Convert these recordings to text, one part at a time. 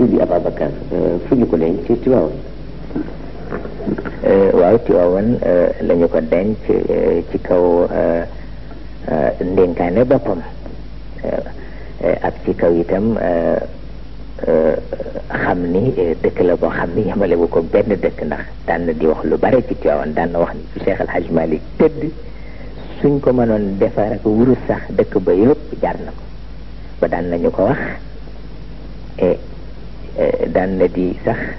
سيدي أبا بكر آه، في كل عين تتواون واو تتواون لن يكون دين تكو آه، آه، دين كان بابم أبتكو يتم خمني دكلا بو خمني يما لبو كو بين دكنا دان دي وخلو باري تتواون دان وخني شيخ الحاج مالك تد suñ ko mënoon defar ak wuru sax dëkk ba yëpp jar na ko ba daan nañu ko wax Eh, dan eh, di sah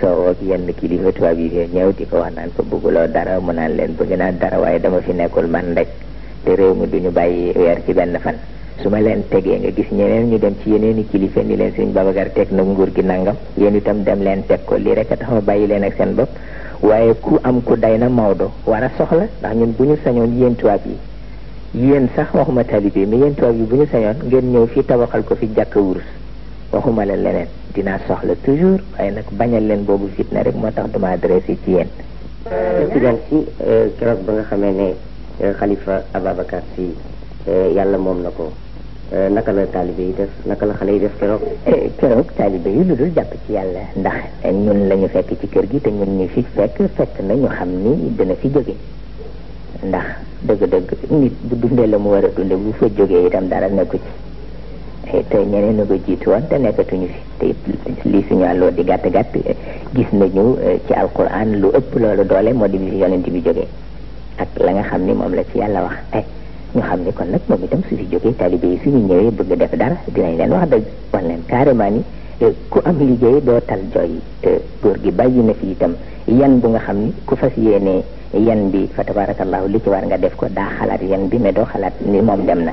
so ak yenn kilifa tubaab bi fee ñëw di ko wanan naan ko bëgguloo dara mo nan len bu gina dara waaye dama fi nekkul man rek te rew mu duñu bayyi weer ci ben fan suma len tege nga gis ñeneen ñu dem ci yeneen i kilifa ni len sëñ babagar tek na nguur gi nangam yeen itam dem len tek ko li rek a bayyi len ak seen bop waye ku am ku dayna mawdo wara soxla ndax ñun buñu sañoon yeen tuwa bi yeen sax waxuma talibi mais yeen tuwa bi buñu sañoon ngeen ñew fi tabaxal ko fi jakk wurus waxuma la leneen dinaa soxla toujours waaye nag bañal leen boobu fitna rek moo tax duma adressé ci yéen Tidiane si euh, keroog ba nga xamee ne xalifa euh, Ababacar si euh, yàlla moom na ko naka la taalibe yi def naka la xale yi def keroog eh, keroog taalibe yi lu dul jàpp ci yàlla ndax ñun la ñu fekk ci kër gi te ñun ñu fi fekk fekk na xam ni dina fi jóge ndax dëgg-dëgg nit bu dundee la mu war a dunde bu fa jógee itam dara nekku ci tey ñeneen ñu ko jiitu woon te nekkatuñu fi te li suñu àlloo di gàtt gàtt gis nañu ci alquran lu ëpp loolu doole moo di bi yonent bi jógee ak la nga xam ni moom la ci yàlla wax eh ñu xam ni kon nag moom itam su fi jógee taalibe yi suñu ñëwee bëgg def dara dinañ leen wax dëgg wan leen carrément ni ku am liggéey doo tal jooy góor gi bàyyi na fi itam yan bu nga xam ni ku fas yéenee yan bi fa tabarakallahu li ci war nga def ko daa xalaat yan bi doo xalaat ni moom dem